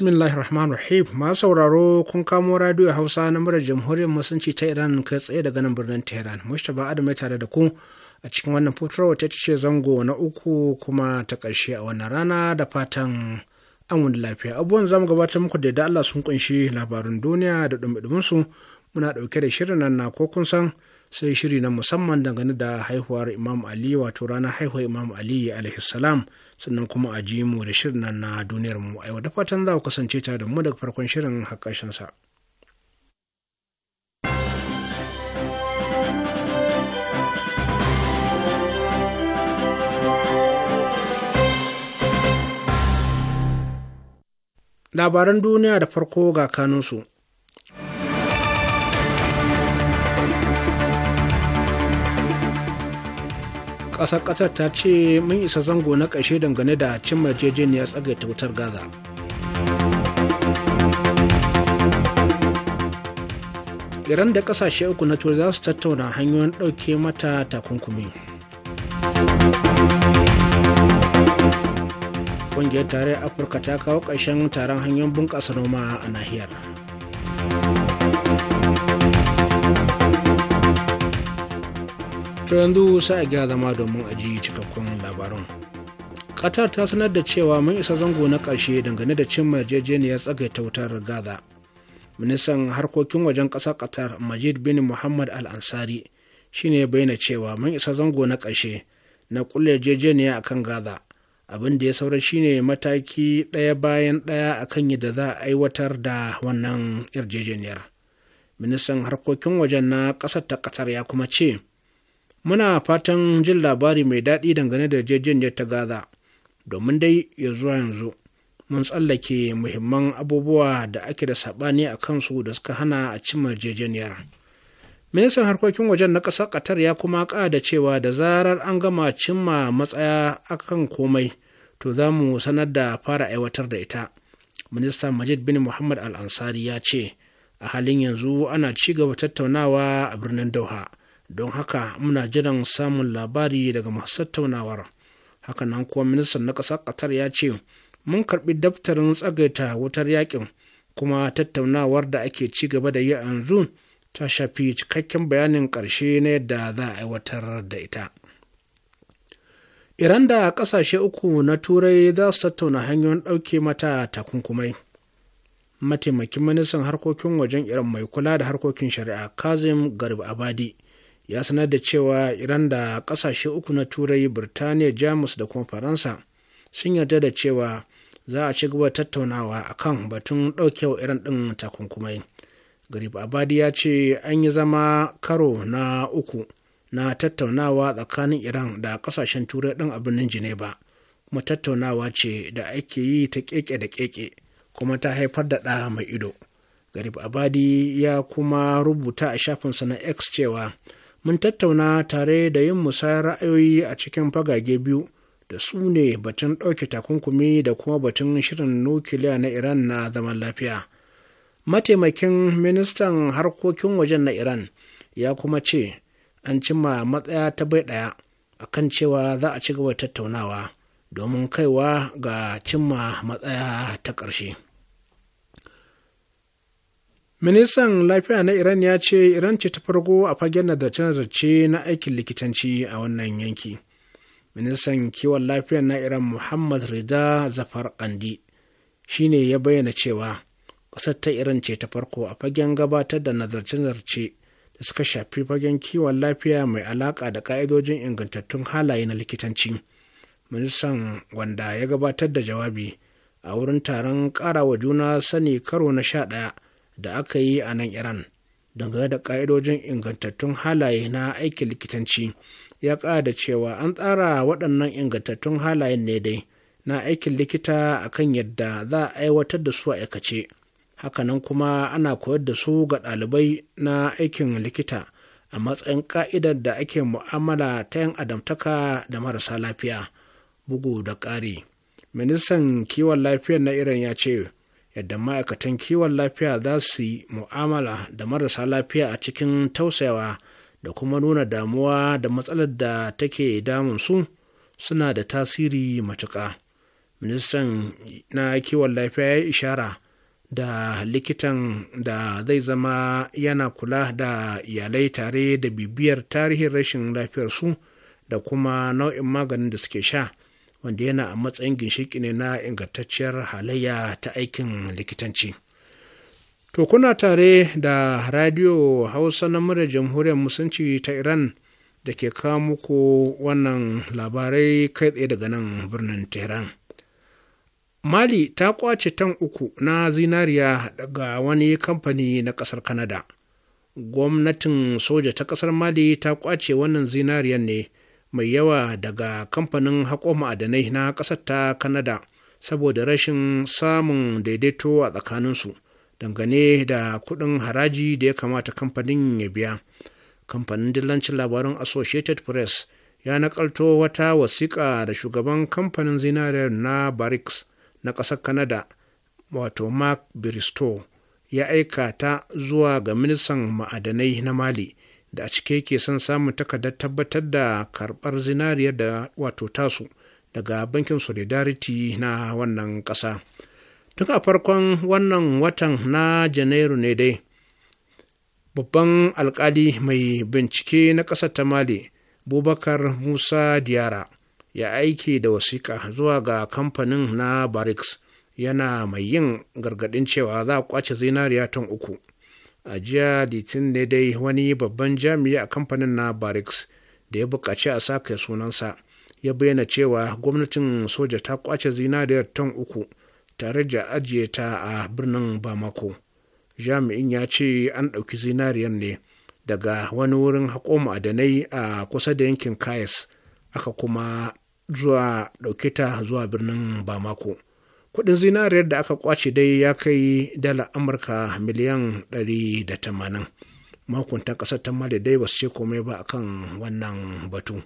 bismillahir rahmanir rahim ma sauraro kun kamo radio hausa na murar jamhuriyar musulunci ta iran kai tsaye daga nan birnin tehran mustapha adam ya tare da ku a cikin wannan fitarwa ta ce zango na uku kuma ta ƙarshe a wannan rana da fatan an wani lafiya abubuwan zamu gabatar muku da Allah sun kunshi labarun duniya da dumdumin su muna ɗauke da shirin nan na ko kun san sai shiri na musamman dangane da haihuwar imam ali wato ranar haihuwar imam ali alaihi salam sannan kuma a ji mu da shirin nan na duniyar mu a yau da fatan za ku kasance ta da mu daga farkon shirin hakkashin sa. Labaran duniya da farko ga kanunsu. ƙasar ƙasar ta ce mun isa zango na ƙarshe dangane da cin yarjejeniyar tsagaita wutar gaza iran da ƙasashe uku na turai za su tattauna hanyoyin ɗauke mata takunkumi ƙungiyar tare afirka ta kawo ƙarshen taron hanyoyin bunƙasa noma a nahiyar to yanzu sai a gyara zama domin a ji cikakkun labarun qatar ta sanar da cewa mun isa zango na ƙarshe dangane da cin yarjejeniyar tsagaita wutar gaza ministan harkokin wajen ƙasar qatar majid bin muhammad al ansari shine bayyana cewa mun isa zango na ƙarshe na kulle yarjejeniya akan gaza abin da ya saura shine mataki ɗaya bayan ɗaya akan yadda za a aiwatar da wannan yarjejeniyar ministan harkokin wajen na ƙasar ta qatar ya kuma ce muna fatan jin labari mai daɗi dangane da yarjejeniyar ta gaza domin dai ya zuwa yanzu mun tsallake muhimman abubuwa da ake da saɓani a kansu da suka hana a cimma yarjejeniyar ministan harkokin wajen na ƙasar qatar ya kuma da cewa da zarar an gama cimma matsaya akan komai to za mu sanar da fara aiwatar da ita Minista majid bin muhammad al-ansari ya ce a halin yanzu ana ci gaba tattaunawa a birnin doha don haka muna jiran samun labari daga masu tattaunawar hakanan kuwa ministan na ƙasar qatar ya ce mun karɓi daftarin tsagaita wutar yakin kuma tattaunawar da ake ci gaba da yi yanzu ta shafi cikakken bayanin ƙarshe na yadda za a aiwatar da ita iran da ƙasashe uku na turai za su tattauna hanyoyin ɗauke mata takunkumai mataimakin ministan harkokin wajen iran mai kula da harkokin shari'a kazim garib abadi ya sanar da cewa iran da kasashe uku na turai birtaniya jamus da kuma faransa sun yarda da cewa za a ci gaba tattaunawa kan batun ɗaukewa iran ɗin takunkumai garib abadi ya ce an yi zama karo na uku na tattaunawa tsakanin iran da kasashen turai ɗin a birnin geneva kuma tattaunawa ce da ake yi ta keke da keke kuma ta haifar da ɗa mai ido garib abadi ya kuma rubuta a shafinsa na x cewa mun tattauna tare da yin musayar ra'ayoyi a cikin fagage biyu da su ne batun ɗauke takunkumi da kuma batun shirin nukiliya na iran na zaman lafiya mataimakin ministan harkokin wajen na iran ya kuma ce an cimma matsaya ta bai ɗaya a kan cewa za a ci gaba tattaunawa domin kaiwa ga cimma matsaya ta ƙarshe. Ministan Lafiya na Iran ya ce Iran ce ta farko a fagen nazarce-nazarce na aikin likitanci a wannan yanki. Ministan kiwon lafiya na Iran Muhammad Rida Zafar Kandi shi ne ya bayyana cewa ƙasar ta Iran ce ta farko a fagen gabatar da nazarce-nazarce da suka shafi fagen kiwon lafiya mai alaƙa da ƙa'idojin ingantattun halaye na likitanci. Ministan wanda ya gabatar da jawabi a wurin taron wa juna sani karo na sha ɗaya da aka yi a nan iran dangane da ƙa'idojin ingantattun halaye na aikin likitanci ya da cewa an tsara waɗannan ingantattun halayen ne dai na aikin likita a kan yadda za a aiwatar da su a aikace hakanan kuma ana koyar da su ga ɗalibai na aikin likita a matsayin ka'idar da ake mu'amala ta yan adamtaka da marasa lafiya bugu da ƙari ministan kiwon lafiyar na iran ya ce yadda ma'aikatan kiwon lafiya za su yi mu'amala da marasa lafiya a cikin tausayawa da kuma nuna damuwa da matsalar da take damun su suna da tasiri matuƙa ministan na kiwon lafiya ya ishara da likitan da zai zama yana kula da iyalai tare da bibiyar tarihin rashin lafiyarsu da kuma nau'in maganin da suke sha wanda yana a matsayin ginshiki ne na ingantacciyar halayya ta aikin likitanci to kuna tare da radio hausa na murar jamhuriyar musulunci ta iran da ke kawo muku wannan labarai kai tsaye daga nan birnin tehran mali ta kwace tan uku na zinariya daga wani kamfani na ƙasar Kanada. gwamnatin soja ta ƙasar mali ta kwace wannan zinariyar ne mai yawa daga kamfanin haƙo ma'adanai na ƙasar ta Kanada saboda rashin samun daidaito a tsakaninsu dangane da kuɗin haraji da ya kamata kamfanin ya biya. Kamfanin dillancin labarun Associated Press ya nakalto wata wasiƙa da shugaban kamfanin zinariyar na Barrix na ƙasar Kanada wato Mark Bristow ya aika ta zuwa ga ministan ma'adanai na Mali da a cike yake son samun takardar tabbatar da karɓar zinariya da wato tasu daga bankin solidarity na wannan kasa. tun a farkon wannan watan na janairu ne dai babban alkali mai bincike na ƙasa ta mali bubakar musa diyara ya aiki da wasiƙa zuwa ga kamfanin na barracks yana mai yin gargaɗin cewa za a kwace zinariya ton uku a jiya litin ne dai wani babban jami'i a kamfanin na barracks da ya buƙaci a sake sunansa ya bayyana cewa gwamnatin soja ta kwace zinariyar ton uku tare da ajiye ta a birnin bamako jami'in ya ce an ɗauki zinariyar ne daga wani wurin haƙo ma'adanai a kusa da yankin kayas aka kuma zuwa ɗauke ta zuwa birnin bamako kudin zinariyar da aka kwace dai ya kai dala amurka miliyan 180 makuntan kasar ta mali dai basu ce komai ba akan wannan batu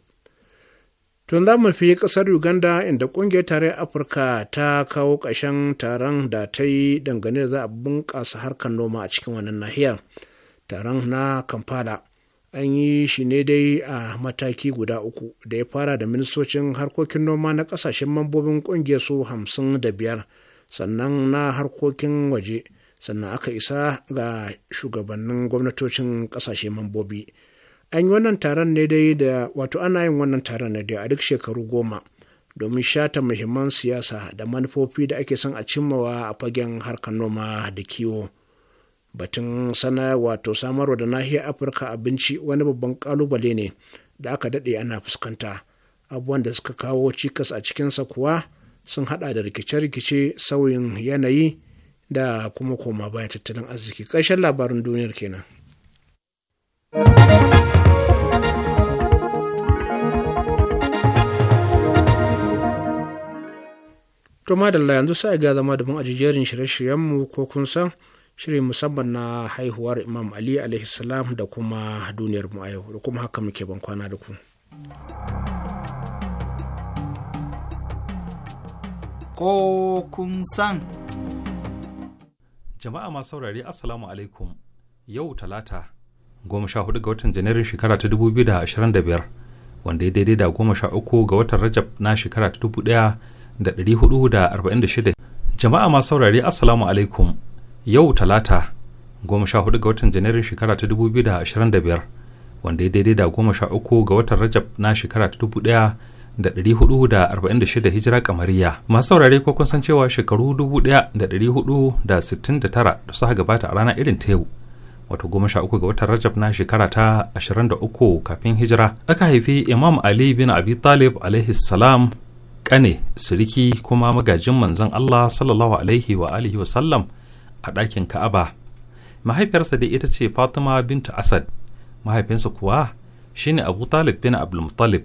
tun za mu fi kasar uganda inda kungiyar tare afirka ta kawo ƙashen taron da ta yi dangane da za a bunƙasa harkar noma a cikin wannan nahiyar taron na kampala an yi shi ne dai a mataki guda uku da ya fara da ministocin harkokin noma na kasashen mambobin kungiyar su hamsin da biyar sannan na harkokin waje sannan aka isa ga shugabannin gwamnatocin kasashe mambobi an yi wannan taron ne dai da wato ana yin wannan taron ne dai a duk shekaru goma domin shata muhimman siyasa da manufofi da ake son a cimmawa a fagen harkar noma da kiwo. batun sana wato samarwa da nahiyar afirka abinci wani babban kalubale ne da aka daɗe ana fuskanta abubuwan da suka kawo cikas a cikinsa kuwa sun hada da rikice-rikice sauyin yanayi da kuma koma bayan tattalin arziki ƙarshen labarin duniyar kenan. To madalla yanzu sai ga zama da mun ajijerin shirye mu ko kun san shirin musamman na haihuwar imam ali alaihi salam da kuma duniyar mu a yau da kuma haka muke ban kwana da ku ko kun san jama'a masu saurari assalamu alaikum yau talata goma sha hudu ga watan janairun shekara ta dubu biyu da ashirin da biyar wanda ya daidai da goma sha uku ga watan rajab na shekara ta dubu daya da dari hudu da arba'in da shida jama'a masu saurari assalamu alaikum yau talata goma sha hudu ga watan janairun shekara ta dubu biyu da ashirin da biyar wanda ya daidai da goma sha uku ga watan rajab na shekara ta dubu da dari hudu da arba'in da hijira kamariya masu saurare ko kun san cewa shekaru dubu da dari hudu da sittin da tara da suka gabata a rana irin ta yau wato goma sha uku ga watan rajab na shekara ta ashirin da uku kafin hijira aka haifi imam ali bin abi talib alaihi salam kane siriki kuma magajin manzon allah sallallahu alaihi wa alihi wa sallam a ɗakin ka'aba mahaifiyarsa dai ita ce fatima bintu asad mahaifinsa kuwa shine abu talib bin abdulmutalib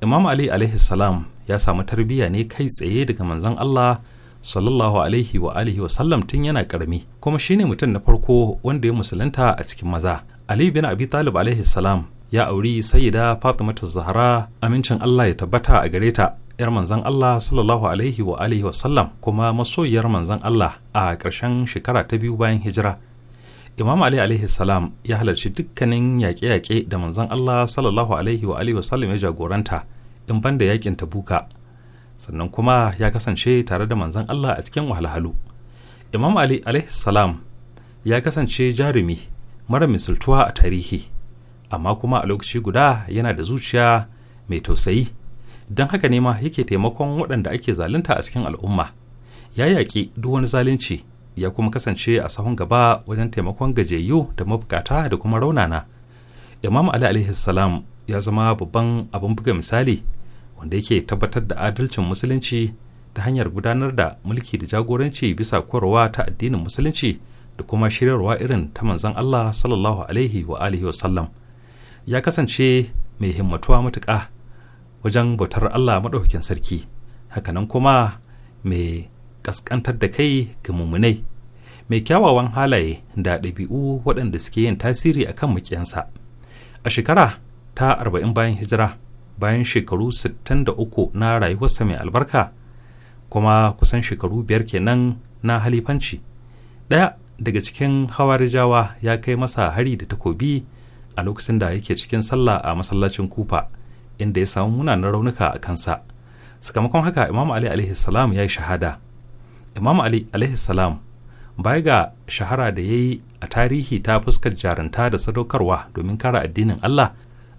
imam ali alaihi salam ya samu tarbiyya ne kai tsaye daga manzon allah sallallahu alaihi wa alihi wa sallam tun yana karami kuma shine mutum na farko wanda ya musulunta a cikin maza ali bin abi talib alaihi salam ya auri sayyida Fatima zahra amincin allah ya tabbata a gare ta yar manzan Allah sallallahu alaihi wa Alaihi wasallam kuma masoyiyar manzan Allah a ƙarshen shekara ta biyu bayan hijira Imam Ali alaihi salam ya halarci dukkanin yaƙe-yaƙe da manzan Allah sallallahu alaihi wa Alaihi wasallam ya jagoranta in banda yaƙin ta Tabuka sannan kuma ya kasance tare da manzan Allah a cikin wahalhalu Imam Ali alaihi salam ya kasance jarumi mara misaltuwa a tarihi amma kuma a lokaci guda yana da zuciya mai tausayi don haka ne ma yake taimakon waɗanda ake zalunta a cikin al'umma ya yaƙi duk wani zalunci ya kuma kasance a sahun gaba wajen taimakon gajiyayyu da mabukata da kuma raunana imam ali alaihi salam ya zama babban abin buga misali wanda yake tabbatar da adalcin musulunci ta hanyar gudanar da mulki da jagoranci bisa korowa ta addinin musulunci da kuma shiryarwa irin ta manzon Allah sallallahu alaihi wa alihi wa sallam ya kasance mai himmatuwa matuƙa wajen bautar Allah maɗaukakin sarki hakanan kuma mai ƙasƙantar da kai ga mummunai mai kyawawan halaye da ɗabi'u waɗanda suke yin tasiri a kan mukiyansa a shekara ta arba'in bayan hijira bayan shekaru 63 na rayuwarsa mai albarka kuma kusan shekaru biyar kenan na halifanci ɗaya daga cikin hawarijawa ya kai masa hari da takobi a lokacin da yake cikin sallah a masallacin kufa inda ya samu munanan raunuka a kansa sakamakon haka imam ali alaihi salam ya yi shahada imam ali alaihi salam baya ga shahara da ya yi a tarihi ta fuskar jaranta da sadaukarwa domin kara addinin allah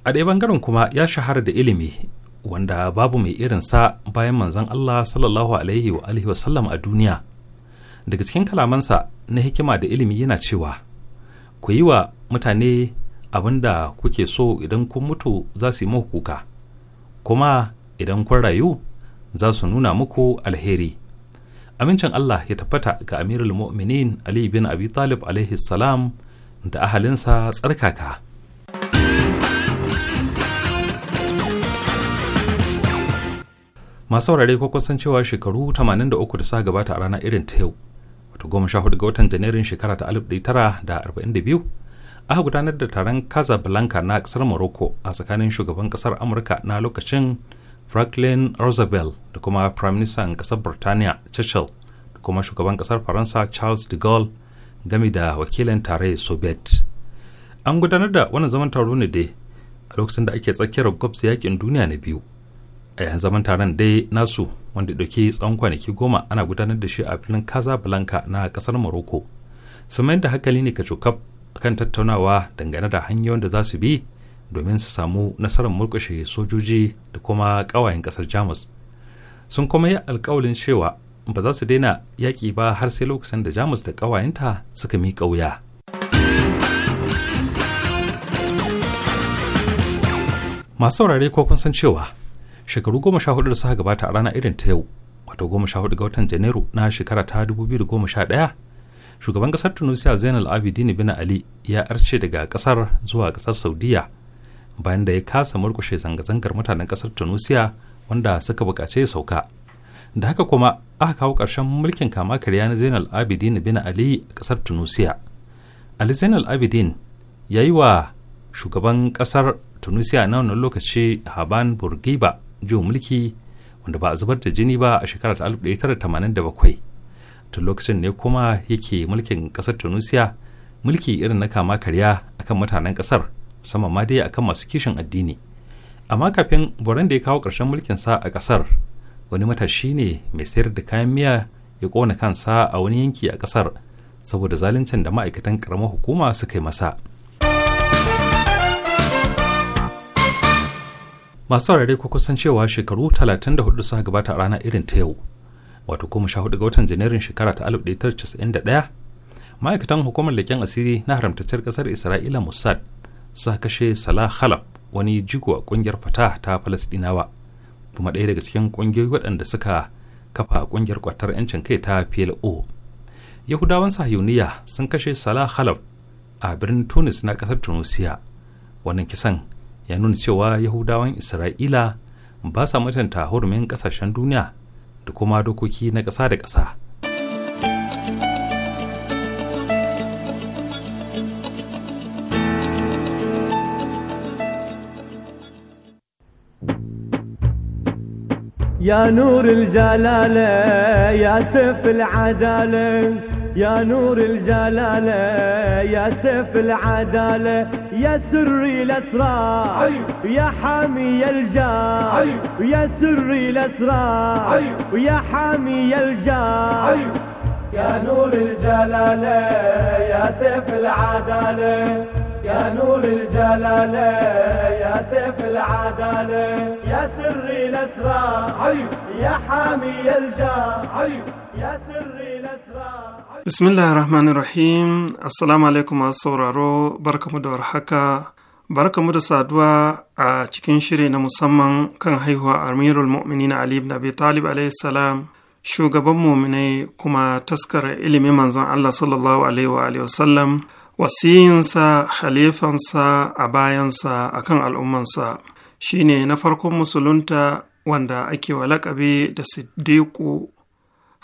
a ɗaya bangaren kuma ya shahara da ilimi wanda babu mai irin sa bayan manzon allah sallallahu alaihi wa alihi wasallam a duniya daga cikin kalamansa na hikima da ilimi yana cewa ku yi wa mutane abin da kuke so idan kun mutu za su yi muku kuka kuma idan kun rayu za su nuna muku alheri amincin Allah ya tabbata ga amirul mu'minin Ali bin Abi Talib alaihi salam da ahalinsa tsarkaka masu saurare ko kusan cewa shekaru 83 da suka gabata a rana irin ta yau wato 14 ga watan janairun shekara ta 1942 aka gudanar da taron casablanca na kasar morocco a tsakanin shugaban kasar amurka na lokacin franklin roosevelt da kuma prime minister kasar birtaniya churchill da kuma shugaban kasar faransa charles de gaulle game da wakilin tare soviet an gudanar da wannan zaman taro ne dai a lokacin da ake tsakiyar gwabsa yakin duniya na biyu a yayin zaman taron dai nasu wanda dauke tsawon kwanaki goma ana gudanar da shi a filin casablanca na kasar morocco sumayin da hakali ne ka cokaf kan tattaunawa dangane da hanyoyin da za su bi domin su samu nasarar murkushe sojoji da kuma ƙawayen ƙasar jamus sun kuma yi alkawalin cewa ba za su daina yaƙi ba har sai lokacin da jamus da ƙawayenta suka miƙa wuya masu saurare ko kun san cewa shekaru goma sha hudu da suka gabata a rana irin ta yau wato goma sha hudu ga watan janairu na shekara ta dubu biyu da goma sha ɗaya shugaban kasar tunisia zainal abidin bin ali ya arce daga kasar zuwa kasar saudiya bayan da ya kasa murkushe zanga-zangar mutanen kasar tunisia wanda suka bukace ya sauka da haka kuma aka kawo ƙarshen mulkin kama karya na zainal abidin bin ali a kasar tunisia ali zainal abidin ya yi wa shugaban kasar tunisia na wannan lokaci haban burgiba juyin mulki wanda ba a zubar da jini ba a shekarar 1987 tun lokacin ne kuma yake mulkin ƙasar tunisia mulki irin na kama karya akan mutanen kasar musamman ma dai akan masu kishin addini amma kafin boran da ya kawo ƙarshen mulkin sa a kasar wani matashi ne mai sayar da kayan miya ya ƙona kansa a wani yanki a ƙasar saboda zaluncin da ma'aikatan ƙaramar hukuma suka yi masa masu saurare ko kusan cewa shekaru 34 suka gabata a rana irin ta yau wato goma sha hudu ga watan janairun shekara ta 1991 ma'aikatan hukumar leƙen asiri na haramtacciyar ƙasar isra'ila mossad suka kashe salah halab wani jigo a ƙungiyar fatah ta falastinawa kuma ɗaya daga cikin ƙungiyoyi waɗanda suka kafa ƙungiyar kwatar 'yancin kai ta plo yahudawan sahiyuniya sun kashe salah halab a birnin tunis na ƙasar tunisiya wannan kisan ya nuna cewa yahudawan isra'ila ba sa mutunta hurumin ƙasashen duniya da kuma dokoki na ƙasa da ƙasa يا نور الجلالة يا سيف العدالة يا نور الجلالة يا سيف العدالة يا سري الاسرار أيوة. يا حامي الجار أيوة. يا سري الاسرار أيوة. يا حامي الجار يا نور الجلالة يا سيف العدالة يا نور الجلالة يا سيف العدالة يا سري الأسرار يا حامي الجار يا سري Bismillah rahman rahim Assalamu alaikum masu sauraro, barkamu da warhaka, barkamu da saduwa a cikin shiri na musamman kan haihuwa Amirul Mu'minin Ali ibn Abi Talib salam shugaban muminai kuma taskara ilimin manzon Allah sallallahu alaihi wa sallam wasiyinsa khalifansa a bayansa akan al'ummansa shine na farkon musulunta wanda ake wa lakabi da siddiqu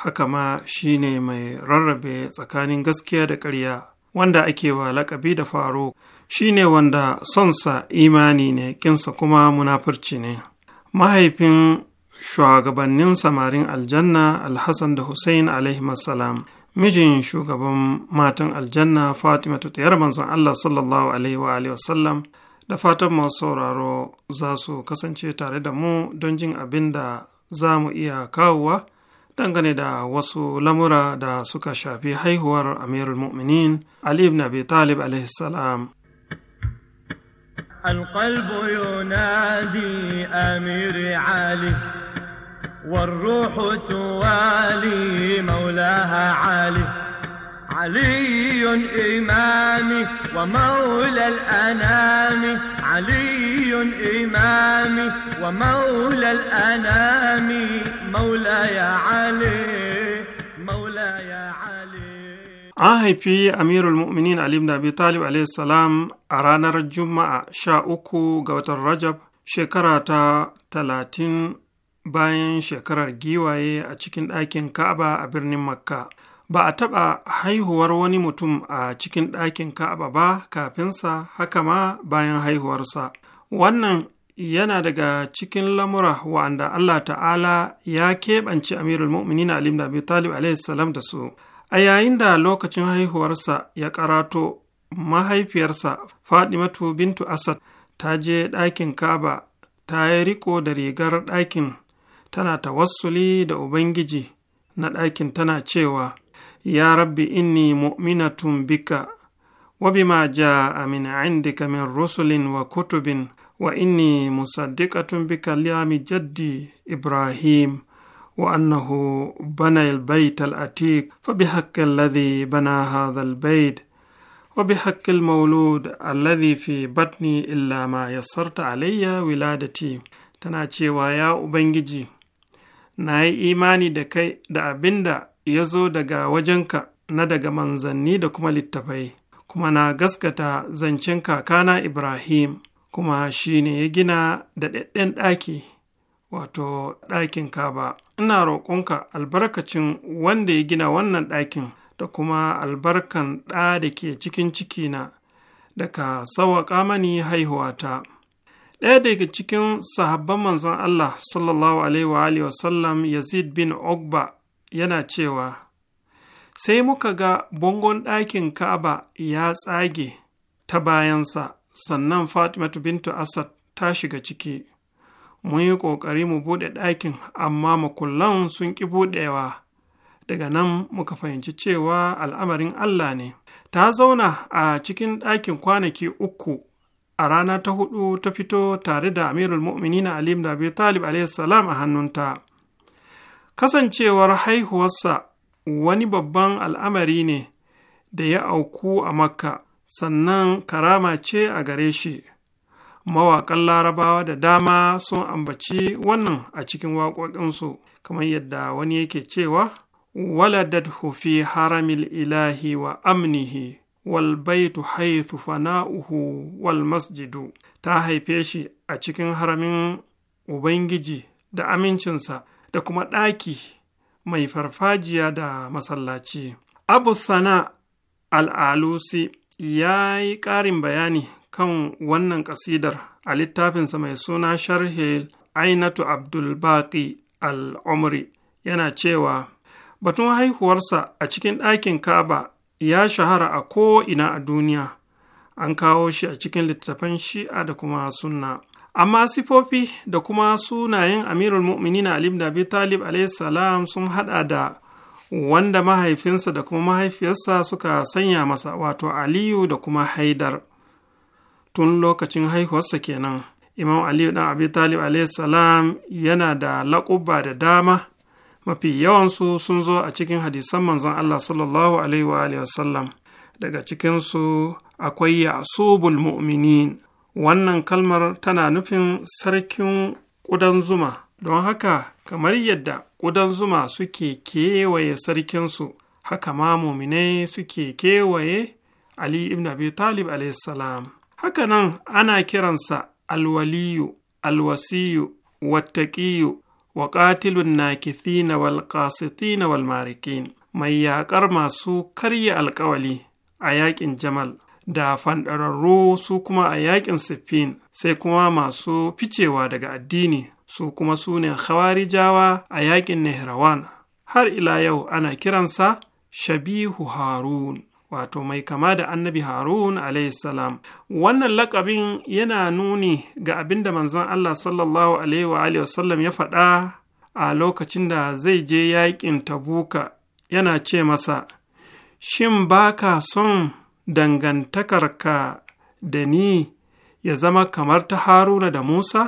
haka ma shi ne mai rarrabe tsakanin gaskiya da ƙarya wanda ake wa lakabi da faro shi ne wanda sonsa imani ne kinsa kuma munafurci ne mahaifin shugabannin samarin aljanna alhassan da hussein alaihi mijin shugaban matan aljanna fatima tutayar manzon allah sallallahu alaihi wa wasallam da fatan masu sauraro za su kasance tare da mu don jin abin da za mu iya kawowa dangane da wasu lamura da suka shafi haihuwar amirul mu'minin ali ibn abi talib salam. القلب ينادي أمير علي والروح توالي مولاها علي علي إمامي ومولى الأنام علي إمامي ومولى الأنام مولاي علي مولاي علي an haifi amirul mu'minin ali ibn abi talib salam a ranar juma'a sha uku ga watan rajab shekara ta talatin bayan shekarar giwaye a cikin ɗakin ka'aba a birnin makka ba a taɓa haihuwar wani mutum a cikin ɗakin ka'aba ba kafinsa haka ma bayan haihuwarsa wannan yana daga cikin lamura wa'anda Allah ta'ala ya keɓance amirul mu'minin Ali ibn Talib salam da su a yayin da lokacin haihuwarsa ya karato mahaifiyarsa Fadimatu bintu Asad ta je ɗakin Ka'aba ta yi riko da rigar ɗakin tana tawassuli da Ubangiji na ɗakin tana cewa ya rabbi inni muminatun bika wabima jaa min indika min rusulin wa kutubin wa inni musaddiqatun bika liami jaddi ibrahim wa annahu bana albayt alatiq fa bihaqqi alladhi bana hadha albayt wa bihaqqi almawlud alladhi fi batni illa ma yassarta alayya wiladati tana cewa ya ubangiji na yi imani da kai da abinda ya zo daga wajenka na daga manzanni da kuma littafai kuma na gaskata zancen kakana ibrahim kuma shi ne ya gina daɗaɗɗen ɗaki wato ɗakin kaba ina roƙonka albarkacin wanda ya gina wannan ɗakin da kuma albarkan ɗa da ke cikin cikina da ka sawaƙa mani haihuwata ɗaya daga cikin sahabban manzon Allah sallallahu alaihi wa sallam Yazid bin Ogba yana cewa sai muka ga bangon ɗakin ka'aba ya tsage ta bayansa sannan fatimatu bintu asad ta shiga ciki mun yi ƙoƙari mu buɗe ɗakin amma makullan sun ƙi buɗewa daga nan muka fahimci cewa al'amarin allah ne ta zauna a cikin ɗakin kwanaki uku a rana ta hudu ta fito tare da amirul mu'minin alim da abi talib a hannunta kasancewar haihuwarsa wani babban al'amari ne da ya auku a makka sannan karama ce a gare shi mawaƙan larabawa da dama sun ambaci wannan a cikin waƙoƙinsu kamar yadda wani yake cewa waladat fi haramil ilahi wa amnihi wal baitu haithu fana'uhu wal masjidu ta haife shi a cikin haramin ubangiji da amincinsa da kuma ɗaki mai farfajiya da masallaci abu sana al'alusi ya yi ƙarin bayani kan wannan ƙasidar a littafinsa mai suna sharhil ainatu abdulbaki al'umri yana cewa batun haihuwarsa a cikin ɗakin kaba ya shahara a ko'ina a duniya an kawo shi a cikin littattafan shi'a da kuma sunna amma sifofi da kuma sunayen amirul mu'minin ali ibn abi talib salam sun hada da wanda mahaifinsa da kuma mahaifiyarsa suka sanya masa wato aliyu da kuma haidar tun lokacin haihuwarsa kenan imam aliyu dan abi talib salam yana da laƙuba da dama mafi yawansu sun zo a cikin hadisan manzon allah sallallahu alaihi wa daga cikinsu akwai yasubul mu'minin wannan kalmar tana nufin sarkin ƙudan zuma don haka kamar yadda ƙudan zuma suke kewaye sarkinsu haka ma muminai suke kewaye ali ibn abi talib salam nan, ana kiransa alwaliyu alwasiyu wattaƙiyu wa ƙatilun nakithina na wal walmarikin, mai yaƙar masu karya alƙawali a yaƙin jamal da fanɗararru su kuma a yaƙin siffin sai kuma masu ficewa daga addini su kuma su ne khawarijawa a yaƙin nehrawan har ila yau ana kiransa shabihu harun wato mai kama da annabi harun salam wannan lakabin yana nuni ga abin da manzon allah sallallahu alaihi wasallam ya faɗa a lokacin da zai je yaƙin tabuka yana ce masa shin baka son dangantakarka da ni ya zama kamar ta Haruna da Musa,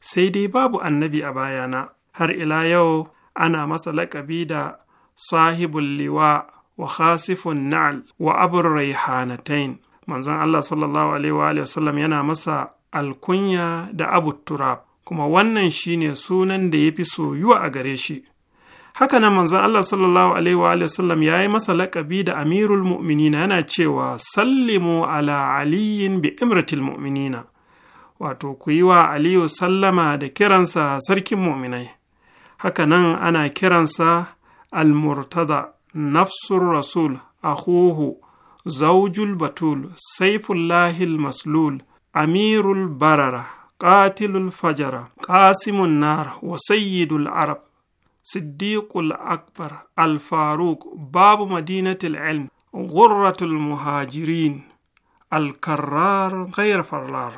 sai dai babu annabi a bayana, har ila yau ana masa laƙabi da sahibul liwa wa khasifun na'al wa abun raihanatain. Manzon Allah sallallahu Alaihi wasallam yana masa alkunya da abu turab, kuma wannan shine sunan da ya fi soyuwa a gare shi. haka nan manzon Allah sallallahu alaihi wa sallam ya yi masa laƙabi da amirul mu'minina yana cewa sallimu ala aliyin bi imratil mu'minina wato ku yi wa aliyu sallama da kiransa sarkin mu'minai haka nan ana kiransa al-murtada nafsur rasul akhuhu zaujul batul saifullahil maslul amirul barara qatilul fajara ƙasimun nar wa sayyidul arab siddiqul akbar al-faruq babu madinatul ilm ghurratul muhajirin al-karrar ghayr farlar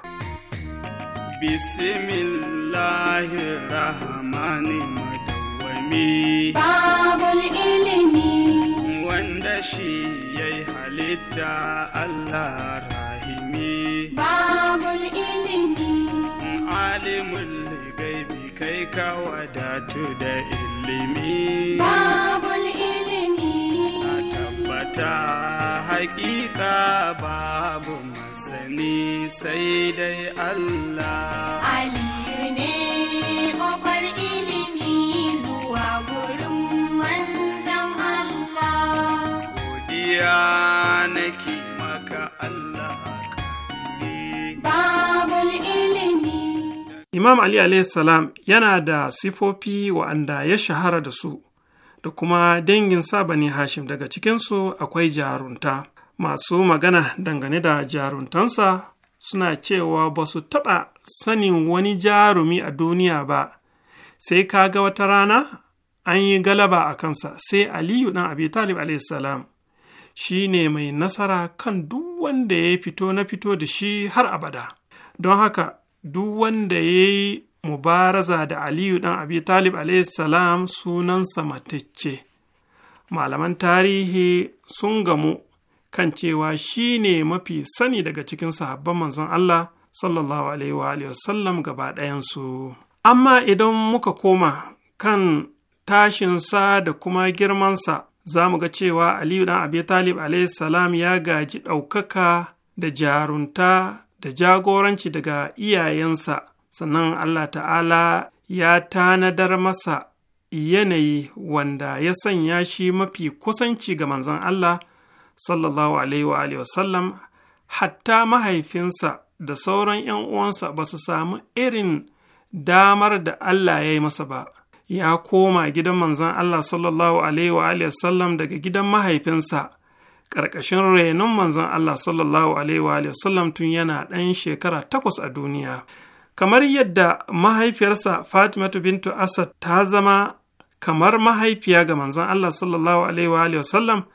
bismillahir rahmanir rahimi babul ilimi wanda shi yayi halitta Allah rahimi babul ilimi alimul gaibi kai ka wadatu da ilimi ilimi babul ilimi a tabbata hakika babu masani sai dai Allah aliyu ne kofar ilimi zuwa gurin manzan Allah godiya imam ali salam yana da sifofi wa'anda ya shahara da su da kuma dangin bani hashim daga cikinsu akwai jarunta masu magana dangane da jaruntansa suna cewa ba su taɓa sanin wani jarumi a duniya ba sai ka ga wata rana an yi galaba a kansa sai aliyu ɗan abi talib salam shi ne mai nasara kan duk wanda ya fito na fito da shi har abada don haka duk wanda ya yi mubaraza da aliyu ɗan abi talib salam sunansa matacce malaman tarihi sun gamu kan cewa shi ne mafi sani daga cikin sahabban manzon Allah sallallahu alaihi wasallam gaba ɗayansu amma idan muka koma kan tashinsa da kuma girmansa za mu ga cewa aliyu ɗan abi talib salam ya gaji ɗaukaka da jarunta da jagoranci daga iyayensa sannan Allah ta'ala ya tanadar masa yanayi wanda ya sanya shi mafi kusanci ga manzon Allah sallallahu alaihi wa Sallam, hatta mahaifinsa da sauran ‘yan uwansa ba su samu irin damar da Allah ya yi masa ba, ya koma gidan manzon Allah sallallahu Alaihi wa sallam daga gidan mahaifinsa ƙarƙashin renon manzon Allah sallallahu alaihi wa sallam tun yana ɗan shekara takwas a duniya. Kamar yadda mahaifiyarsa Fatimatu bintu Asad ta zama kamar mahaifiya ga manzon Allah sallallahu alaihi wa sallam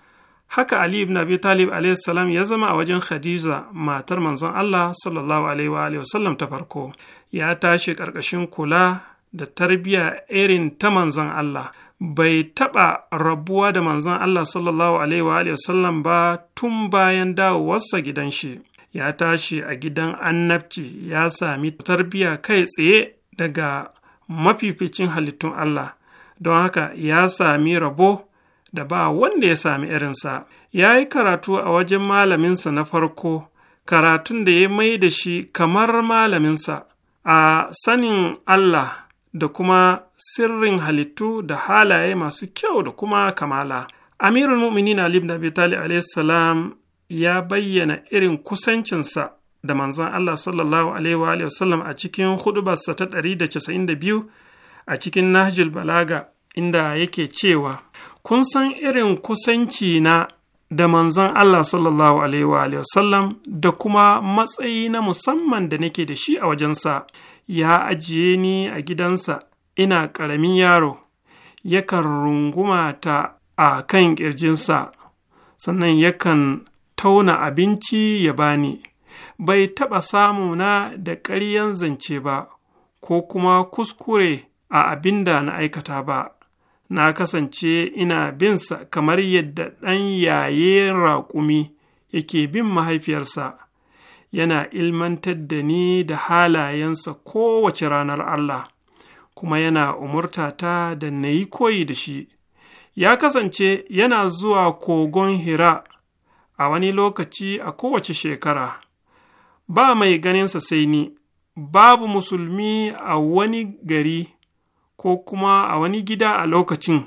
haka Ali ibn Abi Talib alaihi salam ya zama a wajen Khadija matar manzon Allah sallallahu alaihi wa sallam ta farko. Ya tashi ƙarƙashin kula da tarbiyya irin ta manzon Allah. bai taɓa rabuwa da manzon Allah sallallahu Alaihi wasallam ba tun bayan dawowarsa gidan shi, ya tashi a gidan annabci ya sami tarbiyya kai tsaye daga mafificin halittun Allah, don haka ya sami rabo da ba wanda ya sami irinsa. Ya yi karatu a wajen malaminsa na farko, karatun da ya mai da shi kamar malaminsa, a sanin Allah. da kuma sirrin halittu da halaye masu kyau da kuma kamala amirul mu'minin ali ibn abi talib salam ya bayyana irin kusancinsa da manzon Allah sallallahu alaihi wa sallam a cikin hudubarsa ta 192 a cikin Nahjul Balaga inda yake cewa kun san irin kusanci na da manzon Allah sallallahu alaihi wa sallam da kuma matsayi na musamman da nake da shi a wajensa ya ajiye ni a gidansa ina ƙaramin yaro yakan runguma ta a kan ƙirjinsa sannan yakan tauna abinci ya bani bai taɓa samuna da ƙaryan zance ba ko kuma kuskure a abin da na aikata ba na kasance ina binsa kamar yadda ɗan yayen raƙumi yake bin mahaifiyarsa yana ilmantar da ni da halayensa kowace ranar Allah, kuma yana umurtata da na yi koyi da shi. Ya kasance yana zuwa kogon Hira a wani lokaci a kowace shekara, ba mai ganinsa sai ni, babu musulmi a wani gari ko kuma a wani gida a lokacin,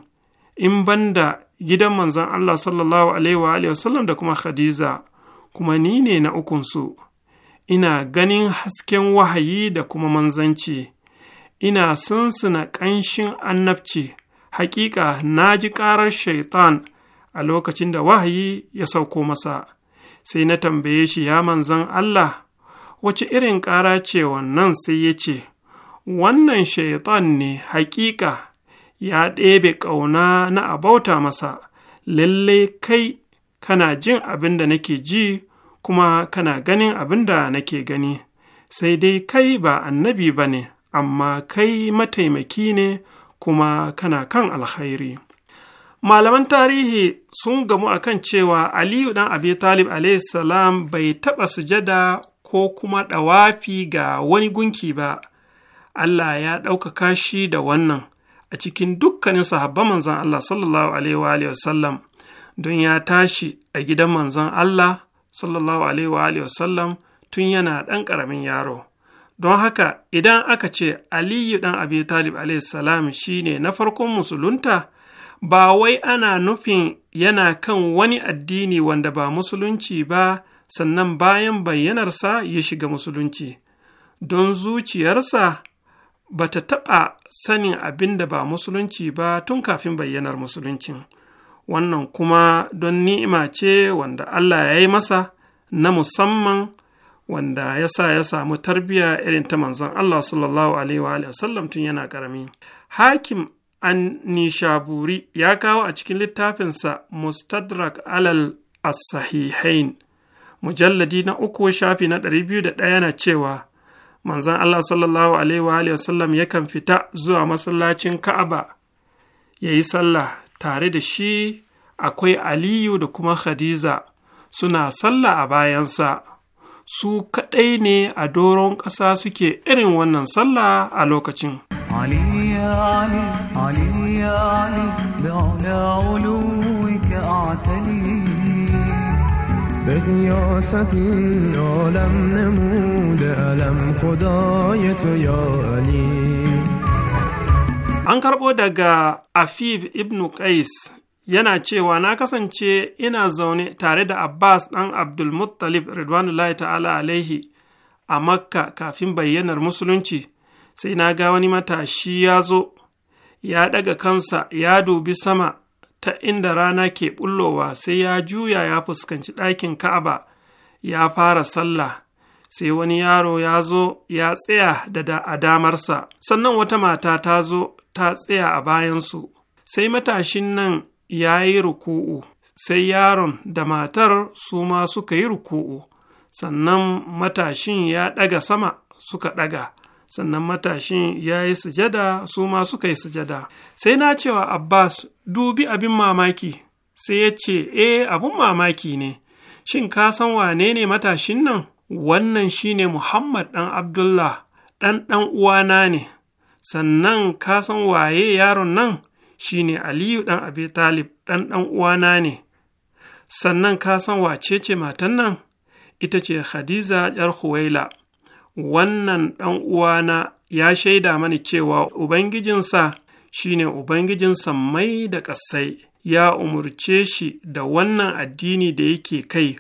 in banda gidan manzon Allah sallallahu Alaihi da kuma Khadiza, kuma ni ne na ukunsu. ina ganin hasken wahayi da kuma manzanci, ina sunsuna ƙanshin annabci, hakika na ji ƙarar shaitan a lokacin da wahayi ya sauko masa, sai na tambaye shi ya manzan Allah, wace irin ƙara ce wannan sai ya ce, Wannan shaitan ne hakika ya ɗebe ƙauna na abauta masa, Lallai kai kana jin abin da nake ji. kuma kana ganin abin da nake gani sai dai kai ba annabi ba ne amma kai mataimaki ne kuma kana kan alkhairi malaman tarihi sun gamu a kan cewa aliyu dan abi talib salam bai taɓa sujada ko kuma ɗawafi ga wani gunki ba allah ya ɗaukaka shi da wannan a cikin dukkanin sahabban manzan allah sallallahu alaihi wa don ya tashi a gidan manzan allah sallallahu alaihi wa sallam tun yana ɗan ƙaramin yaro don haka idan aka ce aliyu ɗan abi talib alaihi salam shine na farkon musulunta ba wai ana nufin yana kan wani addini wanda ba musulunci ba sannan bayan bayyanarsa ya shiga musulunci don zuciyarsa ba ta taɓa sanin abin da ba musulunci ba tun kafin bayyanar musuluncin wannan kuma don ni'ima ce wanda Allah ya yi masa na musamman wanda ya sa ya samu tarbiyya irin ta manzon Allah sallallahu alaihi wa sallam tun yana ƙarami. Hakim an nishaburi ya kawo a cikin littafinsa Mustadrak alal as mujalladi na uku shafi na ɗari biyu da ɗaya na cewa manzon Allah sallallahu alaihi wa sallam yakan fita zuwa masallacin Ka'aba ya yi sallah tare da shi akwai aliyu da kuma khadiza suna sallah a bayansa su kaɗai ne a doron ƙasa suke irin wannan sallah a lokacin علي علي علي نمود ألم يا An karɓo daga Afif ibn Qais yana cewa na kasance ina zaune tare da Abbas ɗan Abdulmuttalib Ridwanullahi ta'ala alaihi a Makka kafin bayyanar Musulunci, sai na ga wani matashi ya zo, ya ɗaga kansa ya dubi sama ta inda rana ke ɓullowa sai ya juya ya fuskanci ɗakin Ka'aba ya fara sallah. sai wani yaro ya zo ya tsaya da a damarsa sannan wata mata ta zo ta tsaya a bayansu sai matashin nan ya yi ruku'u sai yaron da matar su ma suka yi ruku'u sannan matashin ya ɗaga sama suka ɗaga sannan matashin ya yi sujada su ma suka yi sujada sai na cewa abbas dubi abin mamaki sai ya ce e abin mamaki ne shin ka san wane ne matashin nan wannan shine muhammad ɗan abdullah ɗan ɗan uwana ne sannan ka san waye yaron nan shi ne aliyu ɗan abi talib ɗan ɗan uwana ne sannan ka san wace ce matan nan ita ce hadiza yar huwaila wannan ɗan uwana ya shaida mani cewa ubangijinsa shi ne ubangijin sammai da ƙasai ya umurce shi da wannan addini da yake kai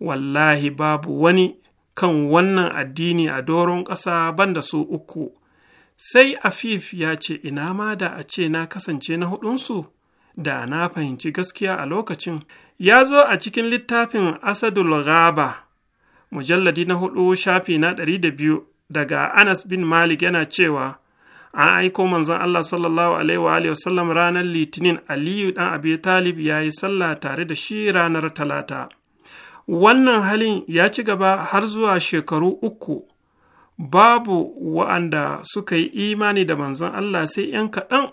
wallahi babu wani kan wannan addini a doron ƙasa banda su uku sai afif ya ce ina ma da a ce na kasance na hudunsu da na fahimci gaskiya a lokacin ya zo a cikin littafin asadul ghaba mujalladi na hudu shafi na ɗari da biyu daga anas bin malik yana cewa an aiko manzon allah sallallahu alaihi wa ranar litinin aliyu dan abi talib ya yi sallah tare da shi ranar talata wannan halin ya ci gaba har zuwa shekaru uku babu wa'anda suka yi imani da manzon Allah sai ‘yan kaɗan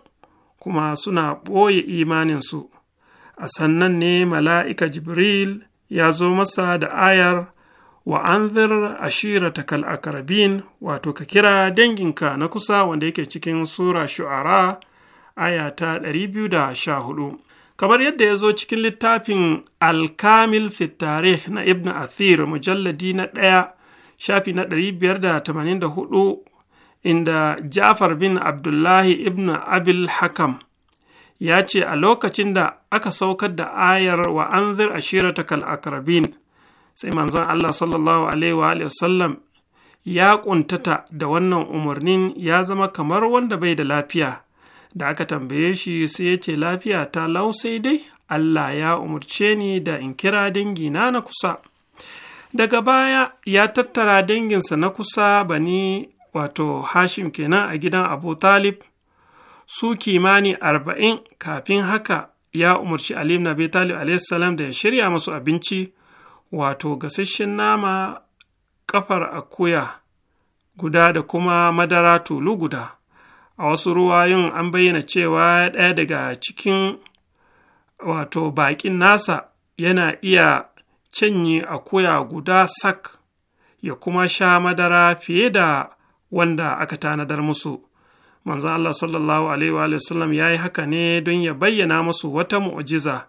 kuma suna ɓoye imaninsu, a sannan ne mala'ika Jibril ya zo masa da ayar wa anzir ashira ta akarabin wato ka kira danginka na kusa wanda yake cikin Sura Shu'ara aya ta 214. kamar yadda ya zo cikin littafin alkamil fittarih na ibn athir mujalladi na ɗaya shafi na 584 inda Jafar bin Abdullahi ibn Abil Hakam ya ce a lokacin da aka saukar da ayar wa anzir ashiratakal akrabin sai manzon Allah sallallahu alaihi wa sallam ya ƙuntata da wannan umarnin ya zama kamar wanda bai da lafiya da aka tambaye shi sai ya ce lafiya ta lausai dai Allah ya umarce ni da in kira dangina na kusa. daga baya ya tattara danginsa na kusa bani wato hashim kenan a gidan abu talib su kimani arba'in kafin haka ya umarci alim na bai talib salam da ya shirya masu abinci wato gasasshen nama kafar akuya guda da kuma madara tulu guda a wasu ruwayun an bayyana cewa ɗaya daga cikin wato baƙin nasa yana iya cinye akuya guda sak ya kuma sha madara fiye da wanda aka tanadar musu manzo Allah sallallahu alaihi wa sallam ya yi haka ne don ya bayyana musu wata mu'jiza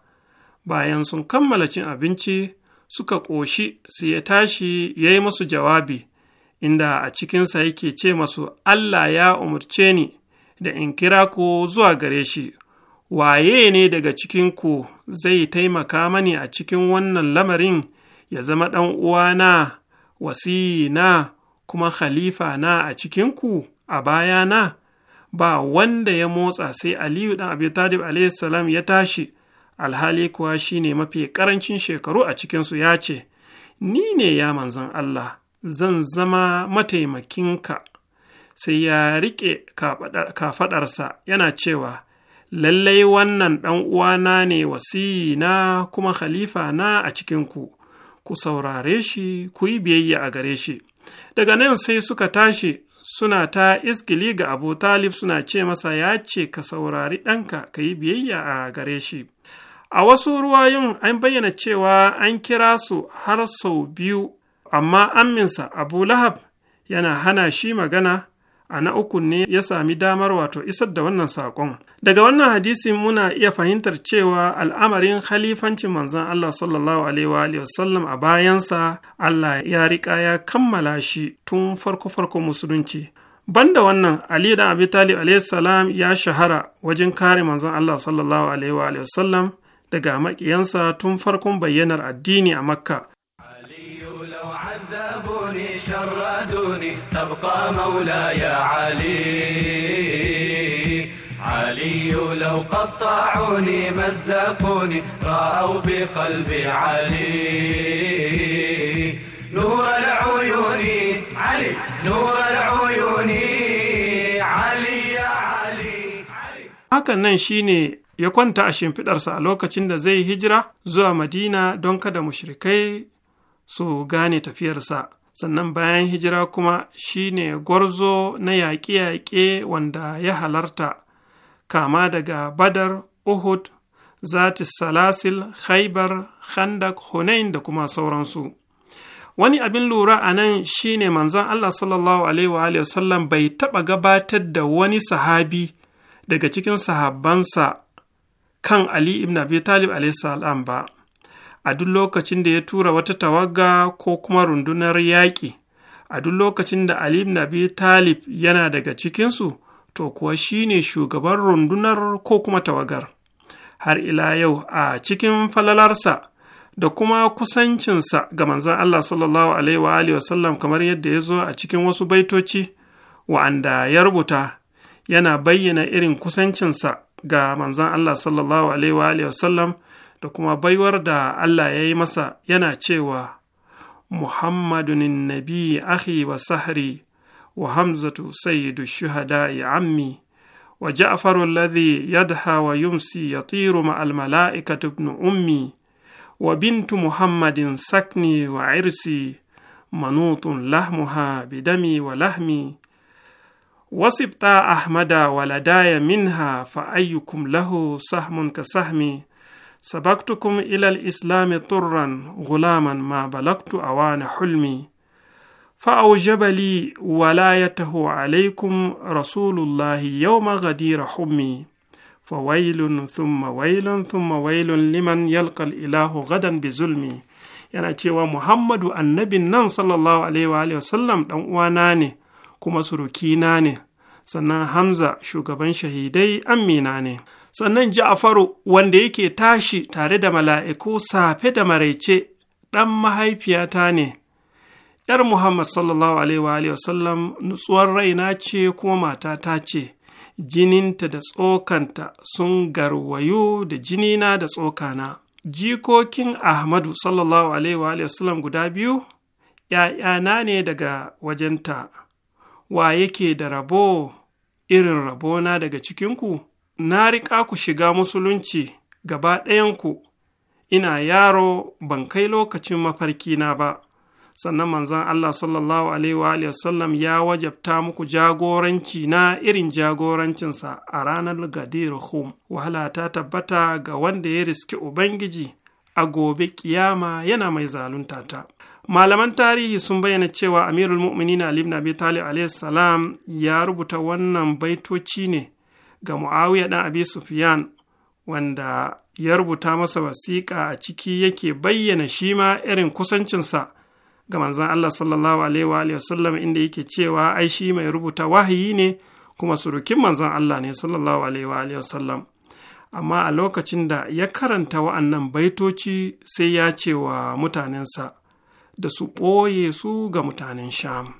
bayan sun kammala cin abinci suka ƙoshi su ya tashi ya yi musu jawabi inda a cikinsa yake ce masu Allah ya umarce ni da in kira ku zuwa gare shi waye ne daga cikinku zai taimaka mani a cikin wannan lamarin ya zama ɗan uwana wasiyina kuma khalifa na a cikinku a bayana ba wanda ya motsa sai aliyu ɗan abi talib salam ya tashi alhali kuwa shine mafi ƙarancin shekaru a cikinsu ya ce ni ne ya manzan allah zan zama mataimakinka sai ya riƙe kafaɗarsa yana cewa lallai wannan ɗan uwana ne wasiyi na kuma khalifa na a cikinku ku saurare shi ku yi biyayya a gare shi daga nan sai suka tashi suna ta iskili ga abu talib suna ce masa ya ce ka saurari ɗanka ka yi biyayya a gare shi a wasu ruwayun an bayyana cewa an kira su har sau biyu amma aminsa abu lahab yana hana shi magana a na uku ne ya sami damar wato isar da wannan saƙon. Daga wannan hadisin muna iya fahimtar cewa al'amarin khalifancin manzon Allah sallallahu Alaihi wasallam a bayansa Allah ya riƙa ya kammala shi tun farko-farko musulunci. Banda wannan Ali da Abi Talib salam ya shahara wajen kare manzon Allah sallallahu Alaihi wasallam daga maƙiyansa tun farkon bayyanar addini a Makka. لو عذبوني شردوني تبقى مولاي علي علي لو قطعوني مزقوني رأوا بقلبي علي نور العيون علي نور العيون علي علي hakan nan shine ya kwanta a shimfiɗarsa a lokacin da zai hijira zuwa madina don kada mushrikai su gane tafiyarsa sannan bayan hijira kuma shi ne gwarzo na yaƙe-yaƙe wanda ya halarta kama daga badar uhud zati salasil haibar khandak hunain da kuma sauransu wani abin lura a nan shi ne manzan allah sallallahu alaihi sallam bai taɓa gabatar da wani sahabi daga cikin sahabbansa kan ali ibn abi talib alaihi ba a duk lokacin da ya tura wata tawaga ko kuma rundunar yaƙi a duk lokacin da ali Nabi talib yana daga cikinsu to kuwa shine shugaban rundunar ko kuma tawagar har ila yau a cikin falalarsa da kuma kusancinsa ga manzan Allah sallallahu alaihi wa alihi kamar yadda ya zo a cikin wasu baitoci wa'anda ya rubuta yana bayyana irin kusancinsa ga manzan Allah sallallahu alaihi wa alihi da kuma baiwar da Allah ya yi masa yana cewa Muhammadun nabi akhi wa sahri wa hamzatu sayyidu ya ammi wa ja'faru alladhi yadha wa yumsi yatiru ma'al mala'ikati ibn ummi wa bintu Muhammadin sakni wa irsi manutun lahmuha bidami wa lahmi wasibta ahmada waladaya minha fa ayyukum lahu sahmun ka sahmi sabaktukum ilal alislami turran gulaman ma balagtu awana hulmi fa aujaba li walayatahu alaykum rasulullahi yau ghadira hummi fa waylun thumma waylun thumma waylun liman yalkal ilahu gadan bi zulmi yana cewa muhammadu annabin nan sallallahu alaihi wa alihi wasallam uwana ne kuma suruki ne sannan hamza shugaban shahidai amina ne sannan Ja'faru wanda yake tashi tare da mala'iku safe da maraice ɗan mahaifiyata ne, ‘yar Muhammad sallallahu Alaihi wasallam nutsuwar raina ce kuma matata ce, jininta da tsokanta sun garwayo da jinina da tsokana. Jikokin Ahmadu sallallahu Alaihi wasallam guda biyu, ‘ya'yana ne daga wajenta, wa yake da rabo irin rabona daga cikinku?’ na riƙa ku shiga musulunci gaba ɗayanku, ina yaro ban kai lokacin mafarkina ba, sannan manzan Allah sallallahu Alaihi sallam ya wajabta muku jagoranci na irin jagorancinsa a ranar Gadir Hum, wahala ta tabbata ga wanda ya riski Ubangiji a gobe kiyama yana mai zalunta ta. malaman tarihi sun bayyana cewa amirul mu'minin ali ibn abi talib salam ya rubuta wannan baitoci ne ga Muawiya ɗan Abi Sufyan wanda ya rubuta masa wasiƙa a ciki yake bayyana shi ma irin kusancinsa ga manzan Allah sallallahu alaihi wa sallam inda yake cewa ai shi mai rubuta wahayi ne kuma surukin manzan Allah ne sallallahu alaihi wa sallam amma a lokacin da ya karanta wa'annan baitoci sai ya ce wa mutanensa da su ɓoye su ga mutanen Sham.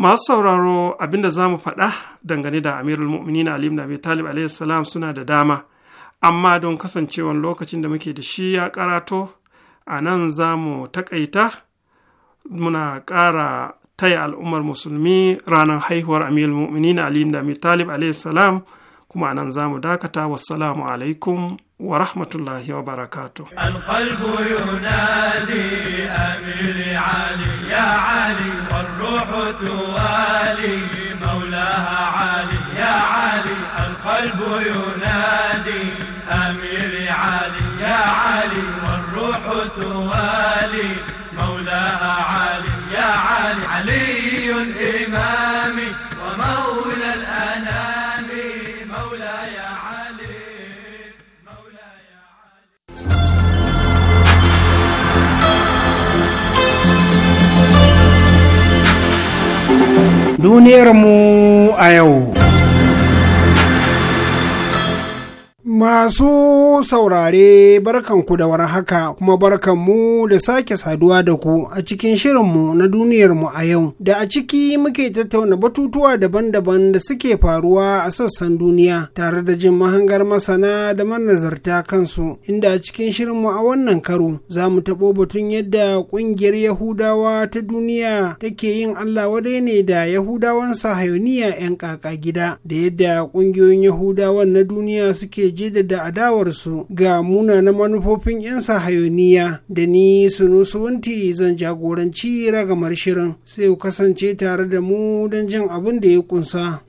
masu sauraro abinda za mu faɗa dangane da amirul mu'minin ali ibn abi talib salam suna da dama amma don kasancewan lokacin da muke da shi ya karato a nan za mu taƙaita muna ƙara taya al'ummar musulmi ranar haihuwar amirul mu'minin ali ibn abi talib alayhi salam kuma a nan za mu dakata wassalamu alaikum wa rahmatullahi wa barakatuh توالي مولاها علي يا علي القلب ينادي أميري علي يا علي والروح توالي مولاها علي يا علي علي duniyarmu a yau. Masu saurare barkanku da war haka kuma barkanmu da sake saduwa da ku a cikin shirinmu na duniyarmu a yau da a ciki muke tattauna batutuwa daban-daban da suke faruwa a sassan duniya tare da jin mahangar masana da manazarta kansu inda a cikin shirinmu a wannan karo za mu taɓo batun yadda ƙungiyar Yahudawa ta duniya take yin Allah wadai ne da Yahudawan Sahayoniya 'yan kaka gida da yadda ƙungiyoyin Yahudawan na duniya suke je. jaddada adawarsu ga na manufofin 'yan sahayoniya da ni sunusuwanti zan jagoranci ragamar shirin sai ku kasance tare da mu don jin abin da ya kunsa.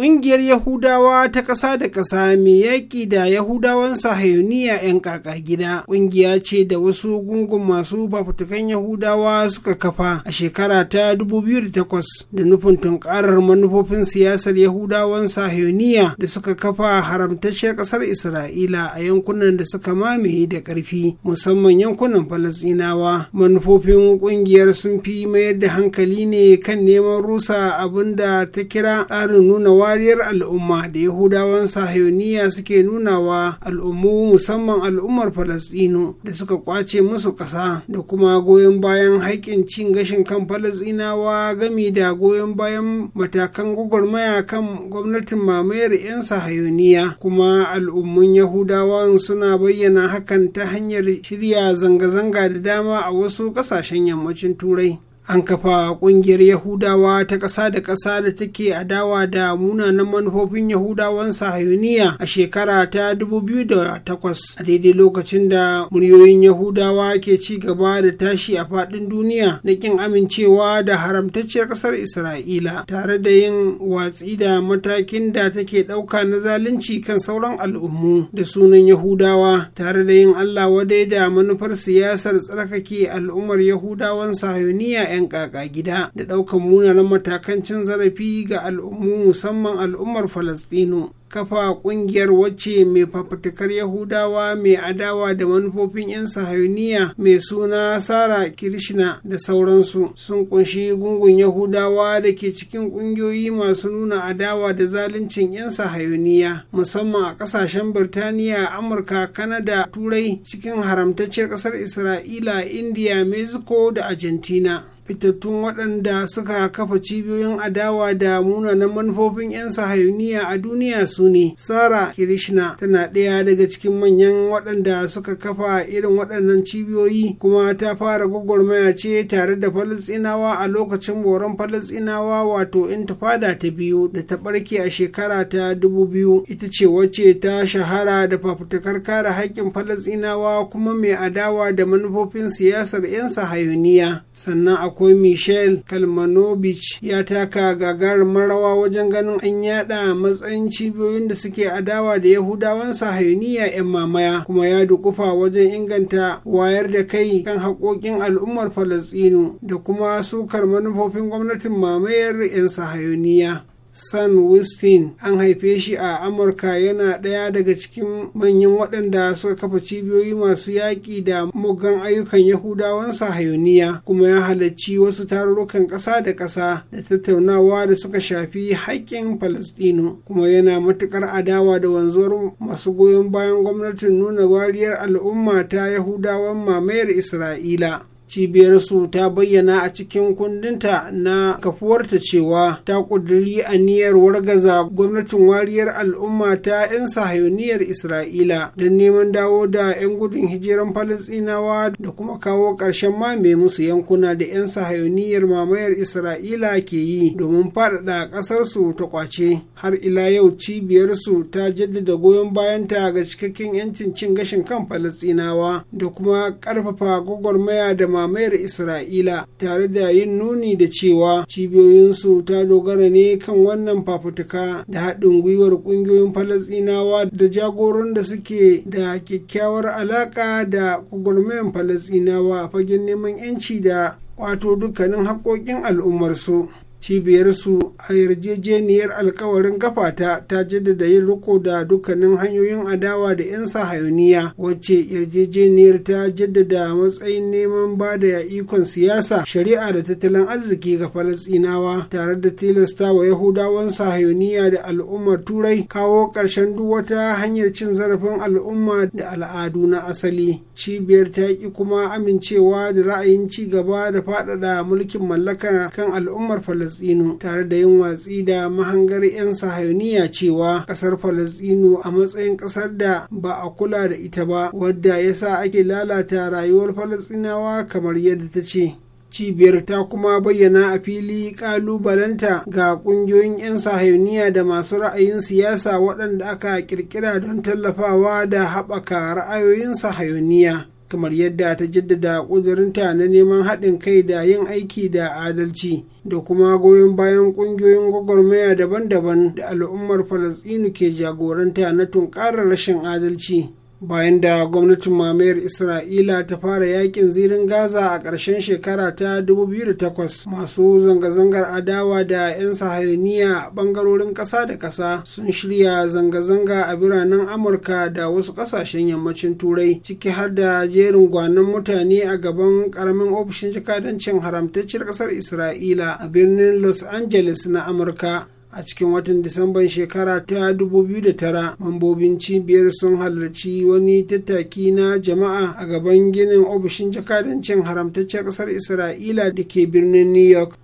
Ƙungiyar Yahudawa ta ƙasa da ƙasa mai yaƙi da Yahudawan Sahayuniya 'yan ƙaƙa gida ƙungiya ce da wasu gungun masu fafutukan Yahudawa suka kafa a shekara ta 2008 da nufin tunkarar manufofin siyasar Yahudawan Sahayuniya da suka kafa haramtacciyar ƙasar Isra'ila a yankunan da suka mamaye da ƙarfi musamman yankunan Falasɗinawa. Manufofin ƙungiyar sun fi mayar da hankali ne kan neman rusa abin da ta kira tsarin nuna wariyar al'umma da yahudawan sahiyoniya suke nuna wa al'ummu musamman al'ummar falasɗinu da suka kwace musu ƙasa da kuma goyon bayan haƙƙin cin gashin kan falasɗinawa gami da goyon bayan matakan gwagwarmaya kan gwamnatin mamayar 'yan sahayoniya kuma al'ummun yahudawan suna bayyana hakan ta hanyar shirya zanga-zanga da dama a wasu ƙasashen yammacin turai an kafa kungiyar yahudawa ta ƙasa da ƙasa da take adawa da munanan manufofin yahudawan sahayuniya a shekara ta 2008 a daidai lokacin da muryoyin yahudawa ke ci gaba da tashi a faɗin duniya na ƙin amincewa da haramtacciyar ƙasar isra'ila tare da yin watsi da matakin da take ɗauka na zalunci kan sauran al'ummu da sunan yahudawa tare da yin allah wadai da manufar siyasar tsarkake al'ummar yahudawan sahayuniya bayan kaka gida da ɗaukar munanan matakan cin zarafi ga al'ummu musamman al'ummar falastinu kafa kungiyar wacce mai fafatakar yahudawa mai adawa da manufofin 'yan sahayuniya mai suna sara kirishna da sauransu sun kunshi gungun yahudawa da ke cikin kungiyoyi masu nuna adawa da zaluncin 'yan sahayuniya musamman a kasashen birtaniya amurka kanada turai cikin haramtacciyar kasar isra'ila indiya mexico da argentina fitattun waɗanda suka kafa cibiyoyin adawa da munanan manufofin 'yan sahayuniya a duniya su su ne sara kirishna tana ɗaya daga cikin manyan waɗanda suka kafa irin waɗannan cibiyoyi kuma ta fara gwagwarmaya ce tare da falasinawa a lokacin boron falastinawa wato intifada ta biyu da ta ɓarke a shekara ta dubu biyu ita ce wacce ta shahara da fafutukar kare haƙƙin falastinawa kuma mai adawa da manufofin siyasar 'yan sahayuniya sannan akwai michelle kalmanovich ya taka gagarumar rawa wajen ganin an yada matsayin cibiyoyi ƙungiyoyin da suke adawa da yahudawan sahayuniya 'yan mamaya kuma ya dukufa wajen inganta wayar da kai kan haƙoƙin al'ummar falastinu da kuma sukar manufofin gwamnatin mamayar 'yan sahayuniya San Wistin an haife shi a Amurka yana ɗaya daga cikin manyan waɗanda suka kafa cibiyoyi masu yaƙi da muggan ayyukan Yahudawan sahayoniya kuma ya halarci wasu tarurrukan ƙasa da ƙasa da tattaunawa da suka shafi haƙƙin Falasɗinu kuma yana matuƙar adawa da wanzuwar masu goyon bayan gwamnatin nuna wariyar al'umma ta Yahudawan mamayar Isra'ila. cibiyarsu ta bayyana a cikin kundinta na kafuwarta cewa ta ƙudiri aniyar wargaza gwamnatin wariyar al'umma ta 'yan sahayoniyar isra'ila don neman dawo da 'yan gudun hijiran falasinawa da kuma kawo ƙarshen mame musu yankuna da 'yan sahayoniyar mamayar isra'ila ke yi domin faɗaɗa ƙasarsu ta ƙwace har ila yau cibiyarsu ta jaddada goyon bayanta ga cikakken 'yancin cin gashin kan falasinawa da kuma ƙarfafa gwagwarmaya da mamayar isra'ila tare da yin nuni da cewa cibiyoyinsu ta dogara ne kan wannan fafutuka da haɗin gwiwar ƙungiyoyin falasɗinawa da jagoran da suke da kyakkyawar alaƙa da gwagwarmayan falasɗinawa a fagen neman 'yanci da wato dukkanin haƙoƙin al'ummarsu cibiyarsu a yarjejeniyar alkawarin kafata ta jaddada yin riko da dukkanin hanyoyin adawa da 'yan sahayoniya wacce yarjejeniyar ta jaddada matsayin neman ba da ikon siyasa shari'a da tattalin arziki ga falasinawa tare da tilasta wa yahudawan sahayoniya da al'ummar turai kawo ƙarshen duk wata hanyar cin zarafin al'umma da al'adu na asali cibiyar ta ki kuma amincewa da ra'ayin ci gaba da faɗaɗa mulkin mallaka kan al'ummar falasinawa Falasɗinu tare da yin watsi da mahangar 'yan sahayoniya cewa ƙasar falasɗinu a matsayin ƙasar da ba a kula da ita ba wadda ya sa ake lalata rayuwar falasɗinawa kamar yadda ta ce cibiyar ta kuma bayyana a fili ƙalubalanta ga ƙungiyoyin 'yan sahayoniya da masu ra'ayin siyasa waɗanda aka ƙirƙira don tallafawa da haɓaka ra'ayoyin sahayoniya. kamar yadda ta jaddada ƙudurinta na neman haɗin kai da yin aiki da adalci da kuma goyon bayan ƙungiyoyin gwagwarmaya daban-daban da al'ummar falasɗinu ke jagoranta na tunkarar rashin adalci bayan da gwamnatin mamayar isra'ila ta fara yakin zirin gaza a ƙarshen shekara ta 2008 masu zanga-zangar adawa da 'yan sahayoniya ɓangarorin ƙasa da ƙasa sun shirya zanga-zanga a biranen amurka da wasu ƙasashen yammacin turai ciki har da jerin gwanon mutane a gaban ƙaramin ofishin jikadancin haramtacciyar ƙasar isra'ila a birnin los angeles na amurka a cikin watan disamban shekara ta 2009 mambobin cibiyar sun halarci wani tattaki na jama'a a gaban ginin ofishin jakadancin haramtaccen ƙasar isra'ila da ke birnin new york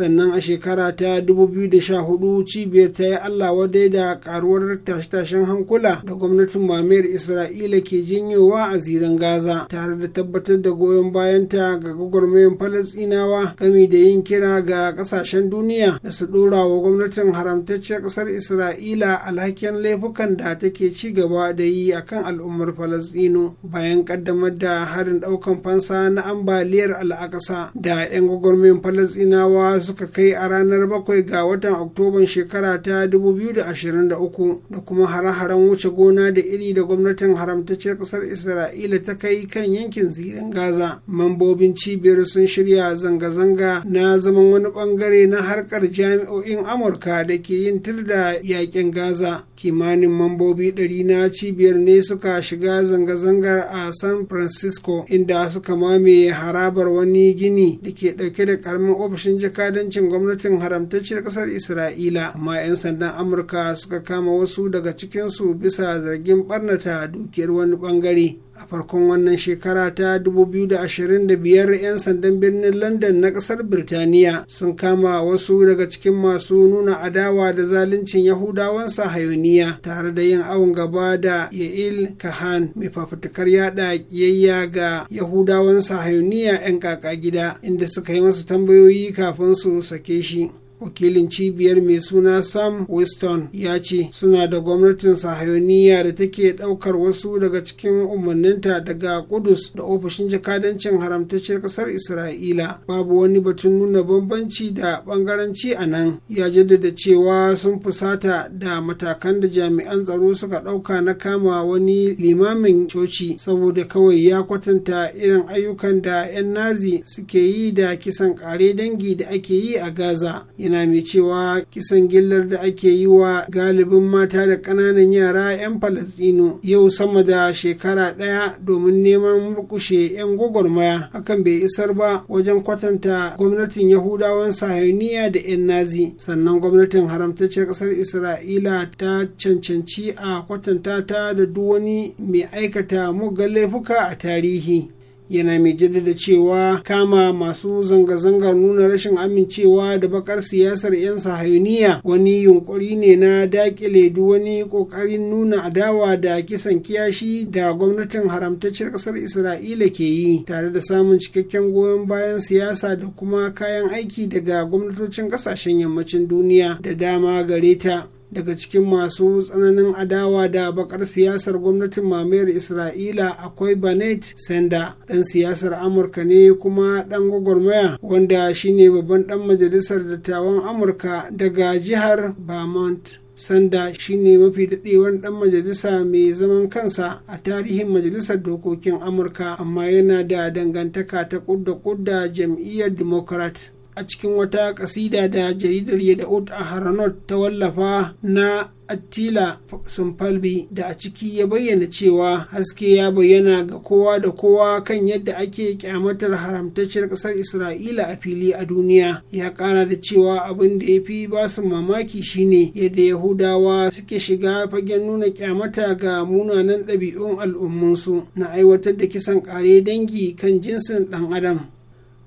sannan a shekara ta 2014 cibiyar ta yi allah wadai da karuwar tashe-tashen hankula da gwamnatin mamayar isra'ila ke jinyowa a zirin gaza tare da tabbatar da goyon bayanta ga gwagwarmayar falasinawa gami da yin kira ga kasashen duniya da su dora wa gwamnatin haramtacciyar kasar isra'ila alhakin laifukan da take ci gaba da yi akan al'ummar falasino bayan kaddamar da harin daukan fansa na ambaliyar al'akasa da 'yan gwagwarmayin falasinawa suka kai a ranar bakwai ga watan oktoban shekara ta 2023 da kuma hare-haren wuce gona da iri da gwamnatin haramtacciyar ƙasar isra'ila ta kai kan yankin zirin gaza mambobin cibiyar sun shirya zanga-zanga na zaman wani bangare na harkar jami'o'in amurka da ke yin tir da yakin gaza kimanin mambobi ɗari na cibiyar ne suka shiga zanga-zangar a san francisco inda suka mamaye harabar wani gini da ke ɗauke da karamin ofishin jakadancin gwamnatin haramtacciyar ƙasar isra'ila amma 'yan sandan amurka suka kama wasu daga cikinsu bisa zargin ɓarnata dukiyar wani ɓangare a farkon wannan shekara ta 2025 'yan sandan birnin london na kasar birtaniya sun kama wasu daga cikin masu nuna adawa da zaluncin yahudawan sahayoniya tare da yin awon gaba da yail kahan mai fafutukar yada kiyayya ga yahudawan sahayoniya 'yan kaka gida inda suka yi masu tambayoyi kafin su sake shi wakilin cibiyar mai suna sam weston ya ce suna da gwamnatin sahayoniya da take daukar wasu daga cikin umarninta daga kudus da ofishin jakadancin haramtacciyar kasar isra'ila babu wani batun nuna bambanci da bangaranci a nan ya jaddada cewa sun fusata da matakan da jami'an tsaro suka dauka na kama wani limamin coci saboda kawai ya kwatanta irin ayyukan da 'yan nazi suke yi da kisan kare dangi da ake yi a gaza yana mai cewa kisan gillar da ake yi wa galibin mata da ƙananan yara 'yan falastino yau sama da shekara ɗaya domin neman murkushe 'yan gwagwarmaya hakan bai isar ba wajen kwatanta gwamnatin yahudawan sahiniya da 'yan nazi sannan gwamnatin haramtacciyar ƙasar isra'ila ta cancanci a kwatanta ta da duk wani mai aikata muggan laifuka a tarihi yana mai jaddada cewa kama masu zanga-zangar nuna rashin amincewa da bakar siyasar 'yan sahayuniya wani yunkuri ne na dakile duk wani kokarin nuna adawa da kisan kiyashi da gwamnatin haramtacciyar kasar isra'ila ke yi tare da samun cikakken goyon bayan siyasa da kuma kayan aiki daga gwamnatocin kasashen yammacin duniya da dama gare ta daga cikin masu tsananin adawa da bakar siyasar gwamnatin mamayar isra'ila akwai banet senda ɗan siyasar amurka ne kuma ɗan gwagwarmaya wanda shine babban ɗan majalisar dattawan amurka daga jihar vermont sanda shine mafi daɗewan ɗan majalisa mai zaman kansa a tarihin majalisar dokokin amurka amma yana da dangantaka ta kudda kudda jam'iyyar democrat a cikin wata kasida da jaridar Yadda'ut a Haranot ta wallafa na Attila Sumpalbi da a ciki ya bayyana cewa haske ya bayyana ga kowa da kowa kan yadda ake kyamatar haramtacciyar ƙasar Isra'ila a fili a duniya ya ƙara da cewa abin da ya fi ba su mamaki shine yadda Yahudawa suke shiga fagen nuna kyamata ga munanan ɗabi'un al'ummunsu na aiwatar da kisan ƙare dangi kan jinsin ɗan adam.